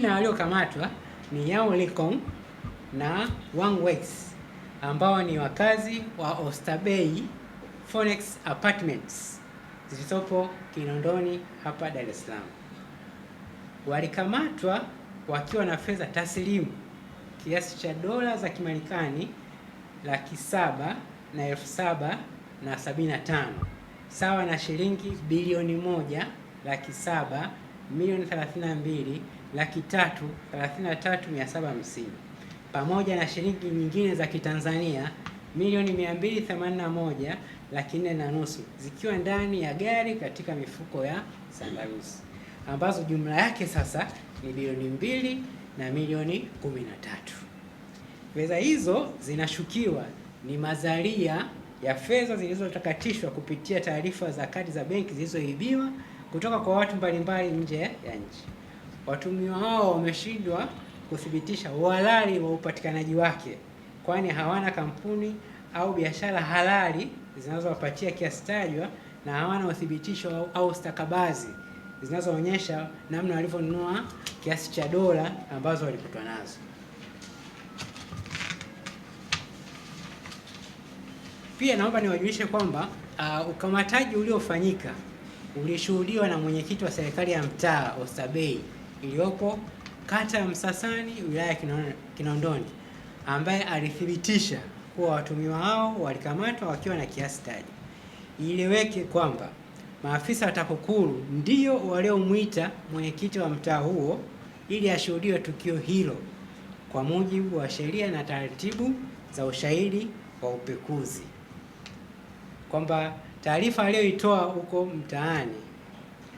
Na waliokamatwa ni Yao Likong na Wang Wex ambao ni wakazi wa bay Phoenix Apartments zilizopo Kinondoni hapa Dar es Salaam. Walikamatwa wakiwa na fedha taslimu kiasi cha dola za Kimarekani laki saba na elfu saba na sabini na tano sawa na shilingi bilioni moja laki saba milioni thelathini na mbili laki tatu thelathini na tatu mia saba hamsini pamoja na shilingi nyingine za Kitanzania milioni mia mbili themanini na moja laki nne na nusu zikiwa ndani ya gari katika mifuko ya sandarusi ambazo jumla yake sasa ni bilioni mbili na milioni kumi na tatu. Fedha hizo zinashukiwa ni mazalia ya fedha zilizotakatishwa kupitia taarifa za kadi za benki zilizoibiwa kutoka kwa watu mbalimbali nje ya nchi watumio hao wameshindwa kuthibitisha uhalali wa upatikanaji wake, kwani hawana kampuni au biashara halali zinazowapatia kiasi tajwa na hawana uthibitisho au, au stakabazi zinazoonyesha namna walivyonunua kiasi cha dola ambazo walikutwa nazo. Pia naomba niwajulishe kwamba uh, ukamataji uliofanyika ulishuhudiwa na mwenyekiti wa serikali ya mtaa Oysterbay iliyopo kata ya Msasani wilaya ya Kinondoni ambaye alithibitisha kuwa watumiwa hao walikamatwa wakiwa na kiasi taji. Ieleweke kwamba maafisa wa TAKUKURU ndio waliomwita mwenyekiti wa mtaa huo ili ashuhudiwe tukio hilo kwa mujibu wa sheria na taratibu za ushahidi wa upekuzi, kwamba taarifa aliyoitoa huko mtaani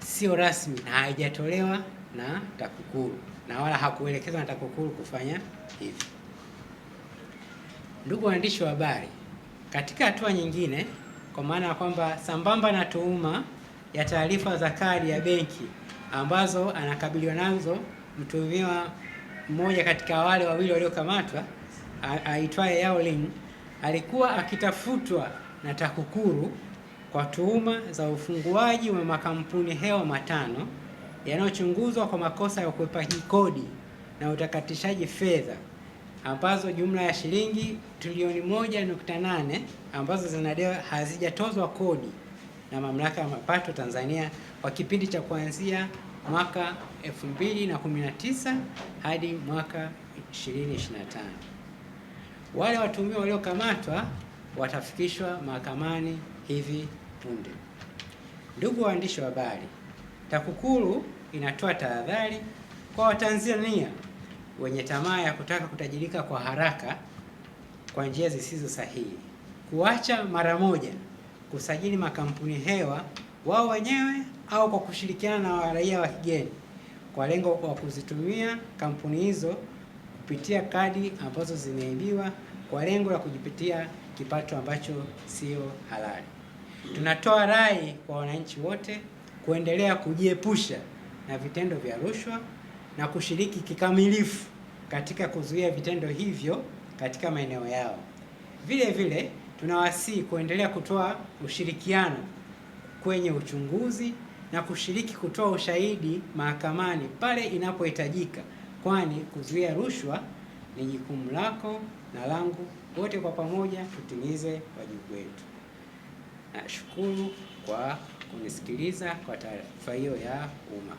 sio rasmi na haijatolewa na TAKUKURU na wala hakuelekezwa na TAKUKURU kufanya hivi. Ndugu waandishi wa habari, katika hatua nyingine, kwa maana ya kwamba sambamba na tuhuma ya taarifa za kadi ya benki ambazo anakabiliwa nazo mtuhumiwa mmoja katika wale wawili waliokamatwa aitwaye Yao Ling, alikuwa akitafutwa na TAKUKURU kwa tuhuma za ufunguaji wa makampuni hewa matano yanayochunguzwa kwa makosa ya ukwepa kodi na utakatishaji fedha ambazo jumla ya shilingi trilioni moja nukta nane ambazo zinadewa hazijatozwa kodi na Mamlaka ya Mapato Tanzania kwa kipindi cha kuanzia mwaka 2019 hadi mwaka 2025. Wale watuhumiwa waliokamatwa watafikishwa mahakamani hivi punde. Ndugu waandishi wa habari, TAKUKURU inatoa tahadhari kwa Watanzania wenye tamaa ya kutaka kutajirika kwa haraka kwa njia zisizo sahihi, kuacha mara moja kusajili makampuni hewa wao wenyewe au kwa kushirikiana na raia wa kigeni kwa lengo wa kuzitumia kampuni hizo kupitia kadi ambazo zimeibiwa kwa lengo la kujipatia kipato ambacho sio halali. Tunatoa rai kwa wananchi wote kuendelea kujiepusha na vitendo vya rushwa na kushiriki kikamilifu katika kuzuia vitendo hivyo katika maeneo yao. Vile vile tunawasihi kuendelea kutoa ushirikiano kwenye uchunguzi na kushiriki kutoa ushahidi mahakamani pale inapohitajika, kwani kuzuia rushwa ni jukumu lako na langu. Wote kwa pamoja tutimize wajibu wetu. Nashukuru kwa kunisikiliza kwa taarifa hiyo ya umma.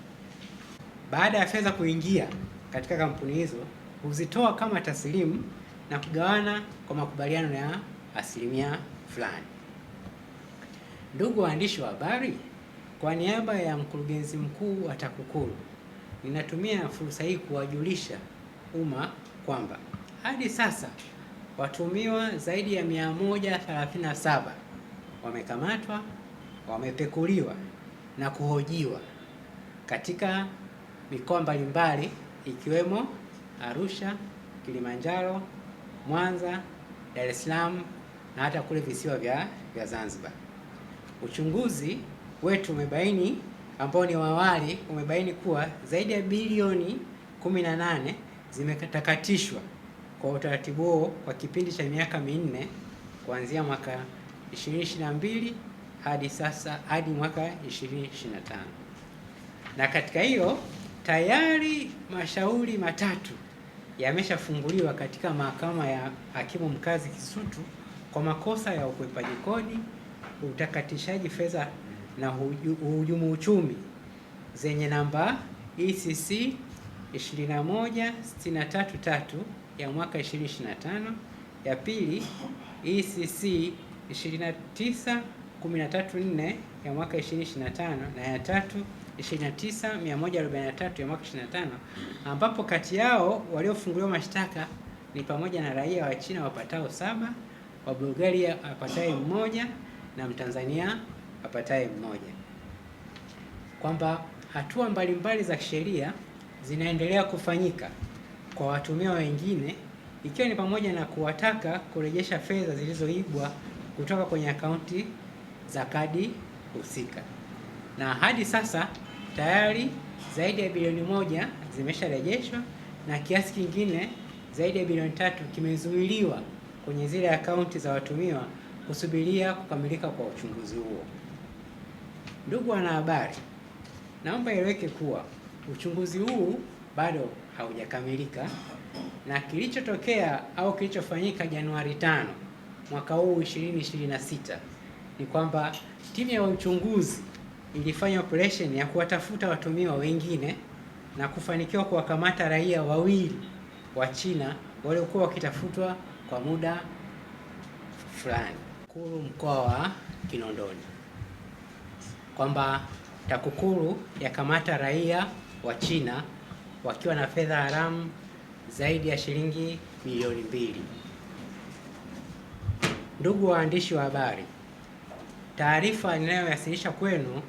Baada ya fedha kuingia katika kampuni hizo, huzitoa kama taslimu na kugawana kwa makubaliano ya asilimia fulani. Ndugu waandishi wa habari, kwa niaba ya mkurugenzi mkuu wa TAKUKURU ninatumia fursa hii kuwajulisha umma kwamba hadi sasa watumiwa zaidi ya 137 wamekamatwa wamepekuliwa na kuhojiwa katika mikoa mbalimbali ikiwemo Arusha, Kilimanjaro, Mwanza, Dar es Salaam na hata kule visiwa vya, vya Zanzibar. Uchunguzi wetu umebaini ambao ni wa awali umebaini kuwa zaidi ya bilioni 18 zimetakatishwa kwa utaratibu huo kwa kipindi cha miaka minne kuanzia mwaka 2022 hadi sasa hadi mwaka 2025 na katika hiyo tayari mashauri matatu yameshafunguliwa katika mahakama ya hakimu mkazi Kisutu kwa makosa ya ukwepaji kodi, utakatishaji fedha na uhujumu uchumi zenye namba ECC 21633 ya mwaka 2025, ya pili ECC 29 134 ya mwaka 2025 na ya 3:29143 ya mwaka 25 ambapo kati yao waliofunguliwa mashtaka ni pamoja na raia wa China wapatao saba, wa Bulgaria apataye mmoja na Mtanzania apataye mmoja, kwamba hatua mbalimbali za kisheria zinaendelea kufanyika kwa watumiwa wengine ikiwa ni pamoja na kuwataka kurejesha fedha zilizoibwa kutoka kwenye akaunti za kadi husika, na hadi sasa tayari zaidi ya bilioni moja zimesharejeshwa na kiasi kingine zaidi ya bilioni tatu kimezuiliwa kwenye zile akaunti za watumiwa kusubiria kukamilika kwa uchunguzi huo. Ndugu wanahabari, naomba iweke kuwa uchunguzi huu bado haujakamilika na kilichotokea au kilichofanyika Januari 5 mwaka huu 2026 ni kwamba timu ya uchunguzi ilifanya operation ya kuwatafuta watumiwa wengine na kufanikiwa kuwakamata raia wawili wa China waliokuwa wakitafutwa kwa muda fulani kuru mkoa wa Kinondoni, kwamba TAKUKURU yakamata raia wa China wakiwa na fedha haramu zaidi ya shilingi milioni mbili. Ndugu waandishi wa habari Taarifa ninayowasilisha kwenu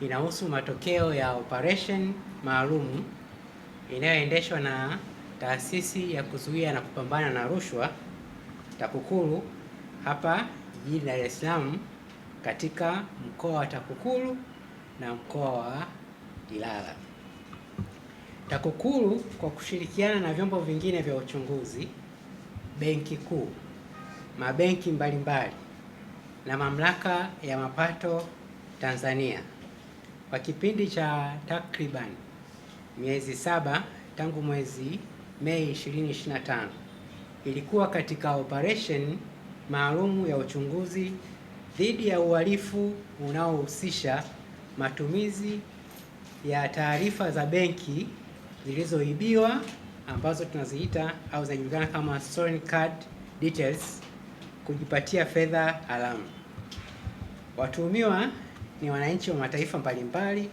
inahusu matokeo ya operation maalum inayoendeshwa na Taasisi ya Kuzuia na Kupambana na Rushwa TAKUKURU hapa jijini Dar es Salaam katika mkoa wa TAKUKURU na mkoa wa Ilala. TAKUKURU kwa kushirikiana na vyombo vingine vya uchunguzi, Benki Kuu, mabenki mbalimbali na Mamlaka ya Mapato Tanzania kwa kipindi cha takriban miezi saba tangu mwezi Mei 2025 ilikuwa katika operation maalum ya uchunguzi dhidi ya uhalifu unaohusisha matumizi ya taarifa za benki zilizoibiwa ambazo tunaziita au zinajulikana kama stolen card details kujipatia fedha haramu. Watuhumiwa ni wananchi wa mataifa mbalimbali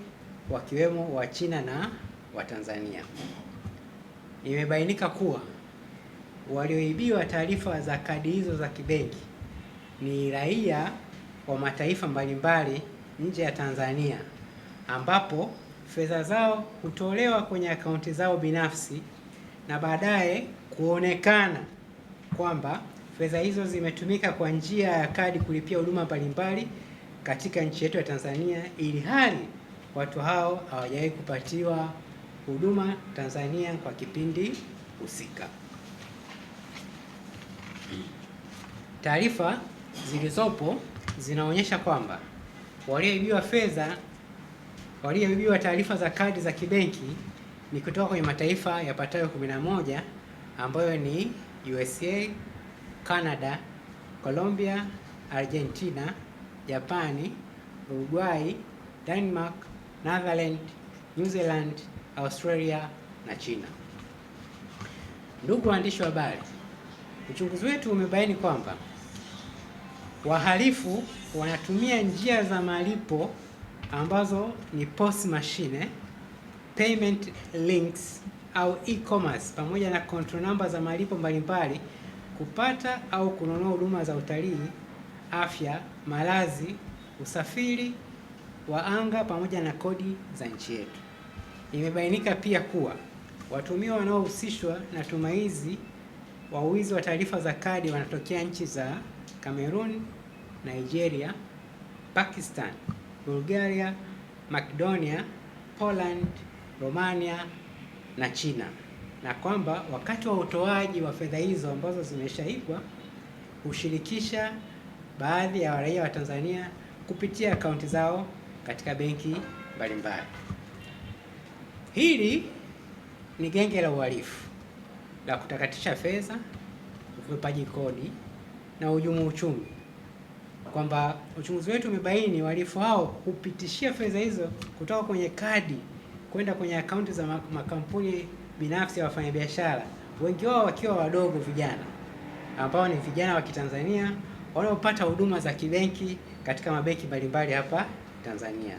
wakiwemo wa China na wa Tanzania. Imebainika kuwa walioibiwa taarifa za kadi hizo za kibenki ni raia wa mataifa mbalimbali nje ya Tanzania ambapo fedha zao hutolewa kwenye akaunti zao binafsi na baadaye kuonekana kwamba Fedha hizo zimetumika kwa njia ya kadi kulipia huduma mbalimbali katika nchi yetu ya Tanzania, ili hali watu hao hawajawahi kupatiwa huduma Tanzania kwa kipindi husika. Taarifa zilizopo zinaonyesha kwamba walioibiwa fedha, walioibiwa taarifa za kadi za kibenki ni kutoka kwenye mataifa yapatayo 11 ambayo ni USA Canada, Colombia, Argentina, Japani, Uruguay, Denmark, Netherlands, New Zealand, Australia na China. Ndugu waandishi wa habari, uchunguzi wetu umebaini kwamba wahalifu wanatumia njia za malipo ambazo ni POS machine, payment links au e-commerce pamoja na control number za malipo mbalimbali kupata au kununua huduma za utalii, afya, malazi, usafiri wa anga pamoja na kodi za nchi yetu. Imebainika pia kuwa watumio wanaohusishwa na tumaizi hizi wa uwizi wa taarifa za kadi wanatokea nchi za Cameroon, Nigeria, Pakistan, Bulgaria, Makedonia, Poland, Romania na China na kwamba wakati wa utoaji wa fedha hizo ambazo zimeshaibwa hushirikisha baadhi ya raia wa Tanzania kupitia akaunti zao katika benki mbalimbali. Hili ni genge la uhalifu la kutakatisha fedha, ukwepaji kodi na uhujumu uchumi, kwamba uchunguzi wetu umebaini wahalifu hao hupitishia fedha hizo kutoka kwenye kadi kwenda kwenye akaunti za makampuni binafsi ya wafanyabiashara, wengi wao wakiwa wadogo, vijana ambao ni vijana wa Kitanzania wanaopata huduma za kibenki katika mabenki mbalimbali hapa Tanzania.